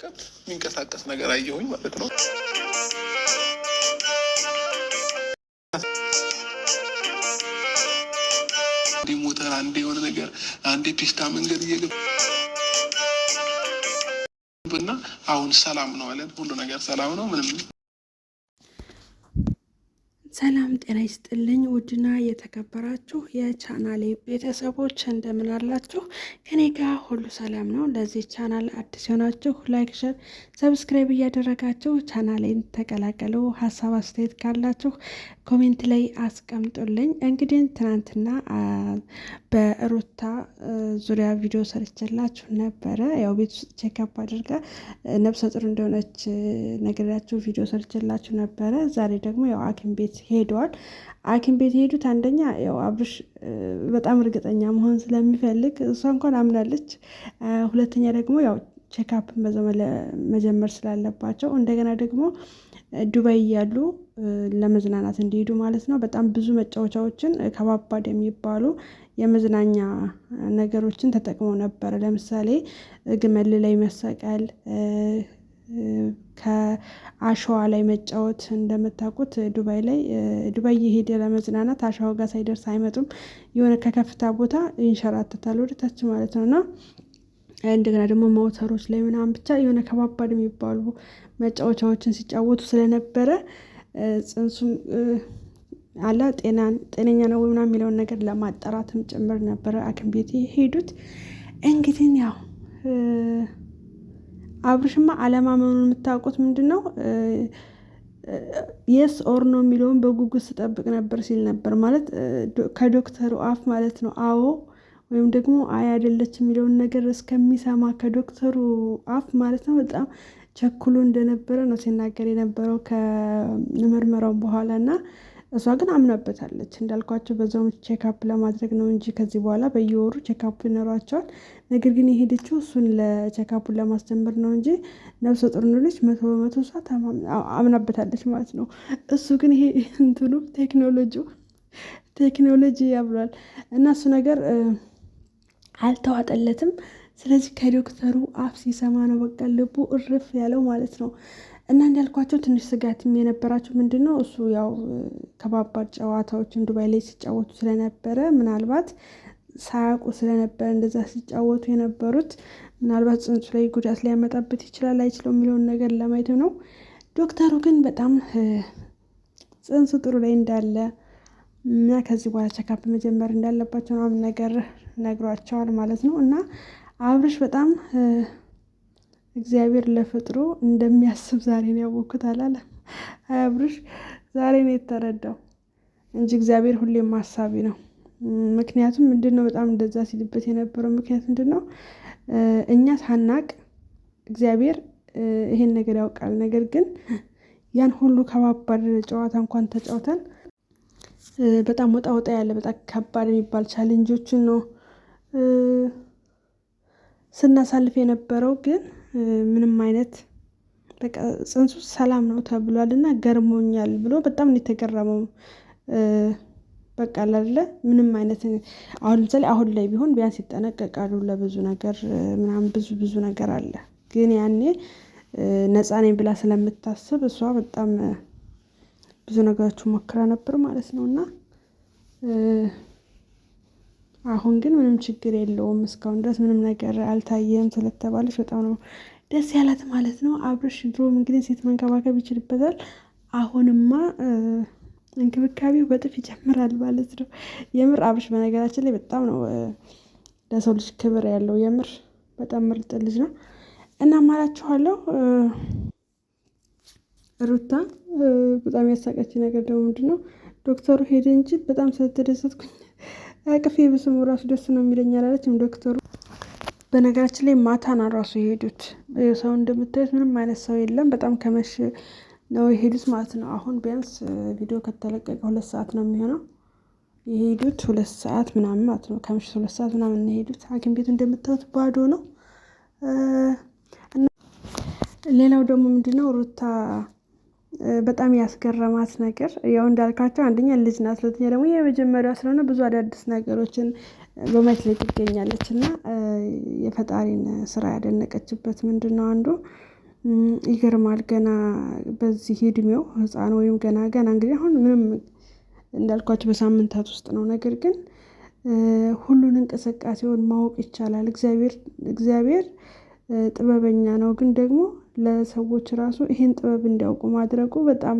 የሚንቀጠቀጥ የሚንቀሳቀስ ነገር አየሁኝ ማለት ነው። አንዴ ሞተር፣ አንዴ የሆነ ነገር፣ አንዴ ፒስታ መንገድ እየገባ እና አሁን ሰላም ነው አለን። ሁሉ ነገር ሰላም ነው ምንም ሰላም ጤና ይስጥልኝ። ውድና የተከበራችሁ የቻናሌ ቤተሰቦች እንደምን አላችሁ? ከኔ ጋር ሁሉ ሰላም ነው። ለዚህ ቻናል አዲስ የሆናችሁ ላይክ፣ ሸር፣ ሰብስክራይብ እያደረጋችሁ ቻናሌን ተቀላቀሉ። ሀሳብ አስተያየት ካላችሁ ኮሜንት ላይ አስቀምጡልኝ። እንግዲህ ትናንትና በሩታ ዙሪያ ቪዲዮ ሰርችላችሁ ነበረ። ያው ቤት ውስጥ ቼክአፕ አድርጋ ነብሰ ጡር እንደሆነች ነገራችሁ ቪዲዮ ሰርችላችሁ ነበረ። ዛሬ ደግሞ ያው ሐኪም ቤት ሄደዋል። ሐኪም ቤት የሄዱት አንደኛ ያው አብርሽ በጣም እርግጠኛ መሆን ስለሚፈልግ እሷ እንኳን አምናለች። ሁለተኛ ደግሞ ያው ቼክአፕን መጀመር ስላለባቸው እንደገና ደግሞ ዱባይ እያሉ ለመዝናናት እንዲሄዱ ማለት ነው። በጣም ብዙ መጫወቻዎችን ከባባድ የሚባሉ የመዝናኛ ነገሮችን ተጠቅመው ነበረ። ለምሳሌ ግመል ላይ መሰቀል ከአሸዋ ላይ መጫወት እንደምታውቁት ዱባይ ላይ ዱባይ የሄደ ለመዝናናት አሸዋ ጋር ሳይደርስ አይመጡም። የሆነ ከከፍታ ቦታ ይንሸራተታል ወደታች ማለት ነው እና እንደገና ደግሞ ሞተሮች ላይ ምናምን ብቻ የሆነ ከባባድ የሚባሉ መጫወቻዎችን ሲጫወቱ ስለነበረ ጽንሱም አለ ጤናን ጤነኛ ነው ምናምን የሚለውን ነገር ለማጣራትም ጭምር ነበረ ሐኪም ቤት የሄዱት እንግዲህ ያው አብርሽማ አለማመኑን የምታውቁት ምንድን ነው? የስ ኦር ነው የሚለውን በጉጉት ስጠብቅ ነበር ሲል ነበር። ማለት ከዶክተሩ አፍ ማለት ነው። አዎ ወይም ደግሞ አይ አይደለች የሚለውን ነገር እስከሚሰማ ከዶክተሩ አፍ ማለት ነው። በጣም ቸኩሎ እንደነበረ ነው ሲናገር የነበረው ከምርመራው በኋላ እና እሷ ግን አምናበታለች። እንዳልኳቸው በዛውም ቼካፕ ለማድረግ ነው እንጂ ከዚህ በኋላ በየወሩ ቼካፕ ይኖሯቸዋል። ነገር ግን የሄደችው እሱን ለቼካፑን ለማስጀመር ነው እንጂ ነፍሰ ጡር መቶ በመቶ እሷ አምናበታለች ማለት ነው። እሱ ግን ይሄ እንትኑ ቴክኖሎጂ ቴክኖሎጂ ያብሏል እና እሱ ነገር አልተዋጠለትም። ስለዚህ ከዶክተሩ አፍ ሲሰማ ነው በቃ ልቡ እርፍ ያለው ማለት ነው። እና እንዳልኳቸው ትንሽ ስጋትም የነበራቸው ምንድን ነው እሱ ያው ከባባድ ጨዋታዎችን ዱባይ ላይ ሲጫወቱ ስለነበረ ምናልባት ሳያውቁ ስለነበረ እንደዛ ሲጫወቱ የነበሩት ምናልባት ጽንሱ ላይ ጉዳት ሊያመጣበት ይችላል አይችለው የሚለውን ነገር ለማየት ነው። ዶክተሩ ግን በጣም ጽንሱ ጥሩ ላይ እንዳለ እና ከዚህ በኋላ ቸካፕ መጀመር እንዳለባቸው ምናምን ነገር ነግሯቸዋል ማለት ነው እና አብርሽ በጣም እግዚአብሔር ለፍጥሩ እንደሚያስብ ዛሬ ነው ያወቅኩት አላለ አያብርሽ? ዛሬ ነው የተረዳው እንጂ እግዚአብሔር ሁሌም አሳቢ ነው። ምክንያቱም ምንድን ነው በጣም እንደዛ ሲልበት የነበረው ምክንያት ምንድን ነው? እኛ ሳናቅ እግዚአብሔር ይሄን ነገር ያውቃል። ነገር ግን ያን ሁሉ ከባባድ ጨዋታ እንኳን ተጫውተን በጣም ወጣ ወጣ ያለ በጣም ከባድ የሚባል ቻሌንጆችን ነው ስናሳልፍ የነበረው ግን ምንም አይነት በቃ ጽንሱ ሰላም ነው ተብሏል እና ገርሞኛል ብሎ በጣም የተገረመው። በቃ አላለ ምንም አይነት አሁን ለምሳሌ አሁን ላይ ቢሆን ቢያንስ ይጠነቀቃሉ ለብዙ ነገር ምናምን ብዙ ብዙ ነገር አለ። ግን ያኔ ነፃ ነኝ ብላ ስለምታስብ እሷ በጣም ብዙ ነገሮች ሞክራ ነበር ማለት ነው እና አሁን ግን ምንም ችግር የለውም። እስካሁን ድረስ ምንም ነገር አልታየም ስለተባለች በጣም ነው ደስ ያላት ማለት ነው። አብርሽ ድሮም እንግዲህ ሴት መንከባከብ ይችልበታል። አሁንማ እንክብካቤው በጥፍ ይጨምራል ማለት ነው። የምር አብርሽ በነገራችን ላይ በጣም ነው ለሰው ልጅ ክብር ያለው የምር በጣም ምርጥ ልጅ ነው እና ማላችኋለሁ። ሩታ በጣም ያሳቀች ነገር ደግሞ ምንድን ነው ዶክተሩ ሄደ እንጂ በጣም ስለተደሰትኩኝ አቅፌ ብስሙ ራሱ ደስ ነው የሚለኝ አላለችም ዶክተሩ። በነገራችን ላይ ማታና ራሱ የሄዱት ሰው እንደምታዩት ምንም አይነት ሰው የለም። በጣም ከመሽ ነው የሄዱት ማለት ነው። አሁን ቢያንስ ቪዲዮ ከተለቀቀ ሁለት ሰዓት ነው የሚሆነው የሄዱት ሁለት ሰዓት ምናምን ማለት ነው። ከምሽት ሁለት ሰዓት ምናምን የሄዱት ሐኪም ቤቱ እንደምታዩት ባዶ ነው። ሌላው ደግሞ ምንድነው ሩታ በጣም ያስገረማት ነገር ያው እንዳልካቸው አንደኛ ልጅ ናት፣ ሁለተኛ ደግሞ የመጀመሪያዋ ስለሆነ ብዙ አዳዲስ ነገሮችን በማየት ላይ ትገኛለች እና የፈጣሪን ስራ ያደነቀችበት ምንድን ነው አንዱ ይገርማል። ገና በዚህ እድሜው ህፃን ወይም ገና ገና እንግዲህ አሁን ምንም እንዳልኳቸው በሳምንታት ውስጥ ነው። ነገር ግን ሁሉን እንቅስቃሴውን ማወቅ ይቻላል። እግዚአብሔር ጥበበኛ ነው ግን ደግሞ ለሰዎች ራሱ ይሄን ጥበብ እንዲያውቁ ማድረጉ በጣም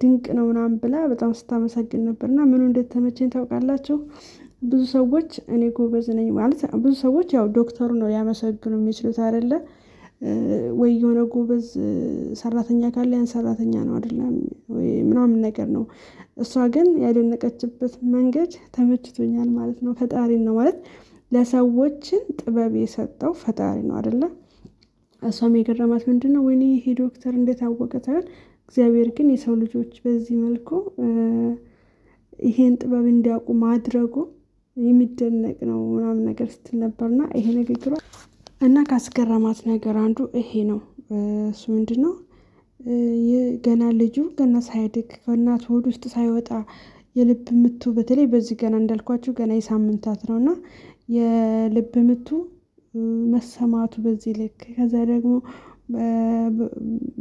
ድንቅ ነው ምናምን ብላ በጣም ስታመሰግን ነበር። እና ምኑ እንደተመቸኝ ታውቃላችሁ? ብዙ ሰዎች እኔ ጎበዝ ነኝ ማለት ብዙ ሰዎች ያው ዶክተሩ ነው ሊያመሰግኑ የሚችሉት አይደለ? ወይ የሆነ ጎበዝ ሰራተኛ ካለ ያን ሰራተኛ ነው አይደለም ወይ ምናምን ነገር ነው። እሷ ግን ያደነቀችበት መንገድ ተመችቶኛል ማለት ነው። ፈጣሪን ነው ማለት ለሰዎችን ጥበብ የሰጠው ፈጣሪ ነው አይደለም። እሷም የገረማት ምንድን ነው ወይኔ ይሄ ዶክተር እንደታወቀ ታይሆን እግዚአብሔር ግን የሰው ልጆች በዚህ መልኩ ይሄን ጥበብ እንዲያውቁ ማድረጉ የሚደነቅ ነው ምናምን ነገር ስትል ነበርና ይሄ ንግግሯ እና ካስገረማት ነገር አንዱ ይሄ ነው። እሱ ምንድን ነው ገና ልጁ ገና ሳያድግ ከእናት ሆድ ውስጥ ሳይወጣ የልብ ምቱ በተለይ በዚህ ገና እንዳልኳችሁ ገና የሳምንታት ነው እና የልብ ምቱ መሰማቱ በዚህ ልክ ከዛ ደግሞ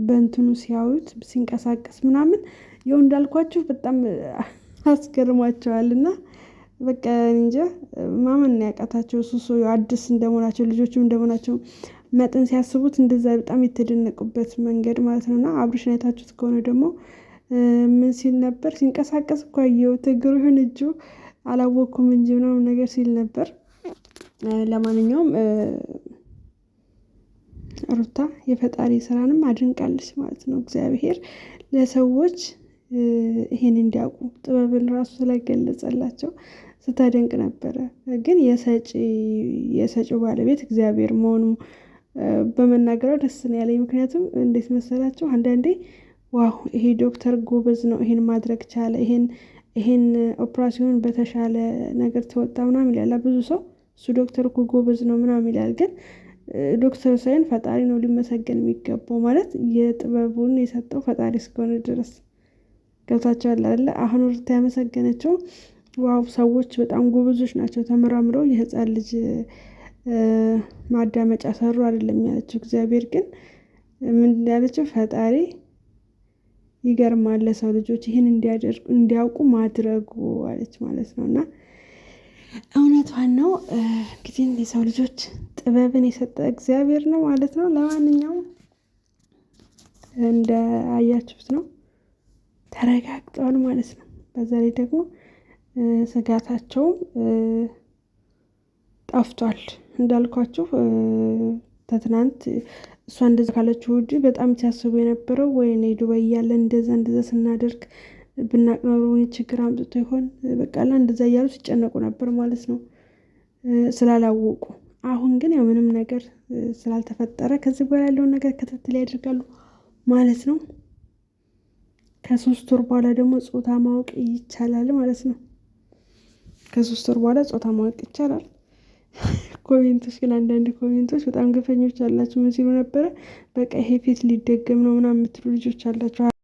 በእንትኑ ሲያዩት ሲንቀሳቀስ ምናምን ያው እንዳልኳችሁ በጣም አስገርሟቸዋል እና በቃ እንጃ ማመን ያቃታቸው። ሱሶ አዲስ እንደመሆናቸው ልጆችም እንደመሆናቸው መጠን ሲያስቡት እንደዛ በጣም የተደነቁበት መንገድ ማለት ነው። እና አብርሽን አይታችሁት ከሆነ ደግሞ ምን ሲል ነበር? ሲንቀሳቀስ እኮ አየሁት እግሩ ይሁን እጁ አላወቅኩም እንጂ ምናምን ነገር ሲል ነበር። ለማንኛውም ሩታ የፈጣሪ ስራንም አድንቃለች ማለት ነው። እግዚአብሔር ለሰዎች ይሄን እንዲያውቁ ጥበብን ራሱ ስለገለጸላቸው ስታደንቅ ነበረ። ግን የሰጪው ባለቤት እግዚአብሔር መሆኑ በመናገሯ ደስ ነው ያለኝ። ምክንያቱም እንዴት መሰላቸው አንዳንዴ ዋው ይሄ ዶክተር ጎበዝ ነው፣ ይሄን ማድረግ ቻለ፣ ይሄን ይሄን ኦፕራሲዮን በተሻለ ነገር ተወጣ ምናምን ይላል ብዙ ሰው እሱ ዶክተር እኮ ጎበዝ ነው ምናምን ይላል። ግን ዶክተር ሳይን ፈጣሪ ነው ሊመሰገን የሚገባው ማለት የጥበቡን የሰጠው ፈጣሪ እስከሆነ ድረስ ገብታቸዋል አለ። አሁን ሩታ ያመሰገነቸው ዋው ሰዎች በጣም ጎበዞች ናቸው ተመራምረው የህፃን ልጅ ማዳመጫ ሰሩ አይደለም ያለችው። እግዚአብሔር ግን ምንድን ያለችው ፈጣሪ ይገርማል ለሰው ልጆች ይህን እንዲያውቁ ማድረጉ አለች ማለት ነው እና እውነቷን ነው። እንግዲህ የሰው ልጆች ጥበብን የሰጠ እግዚአብሔር ነው ማለት ነው። ለማንኛውም እንደ አያችሁት ነው ተረጋግጠዋል ማለት ነው። በዛ ላይ ደግሞ ስጋታቸው ጠፍቷል እንዳልኳችሁ ተትናንት እሷ እንደዛ ካለችው ውጪ በጣም ሲያስቡ የነበረው ወይኔ ዱባይ እያለን እንደዛ እንደዛ ስናደርግ ብናቅ ኖሮ ችግር አምጥቶ ይሆን በቃላ እንደዛ እያሉ ሲጨነቁ ነበር ማለት ነው ስላላወቁ። አሁን ግን ያው ምንም ነገር ስላልተፈጠረ ከዚህ በኋላ ያለውን ነገር ክትትል ያደርጋሉ ማለት ነው። ከሶስት ወር በኋላ ደግሞ ፆታ ማወቅ ይቻላል ማለት ነው። ከሶስት ወር በኋላ ፆታ ማወቅ ይቻላል። ኮሜንቶች ግን አንዳንድ ኮሜንቶች በጣም ግፈኞች አላቸው። ምን ሲሉ ነበረ? በቃ ይሄ ፊት ሊደገም ነው ምናምን የምትሉ ልጆች አላቸው።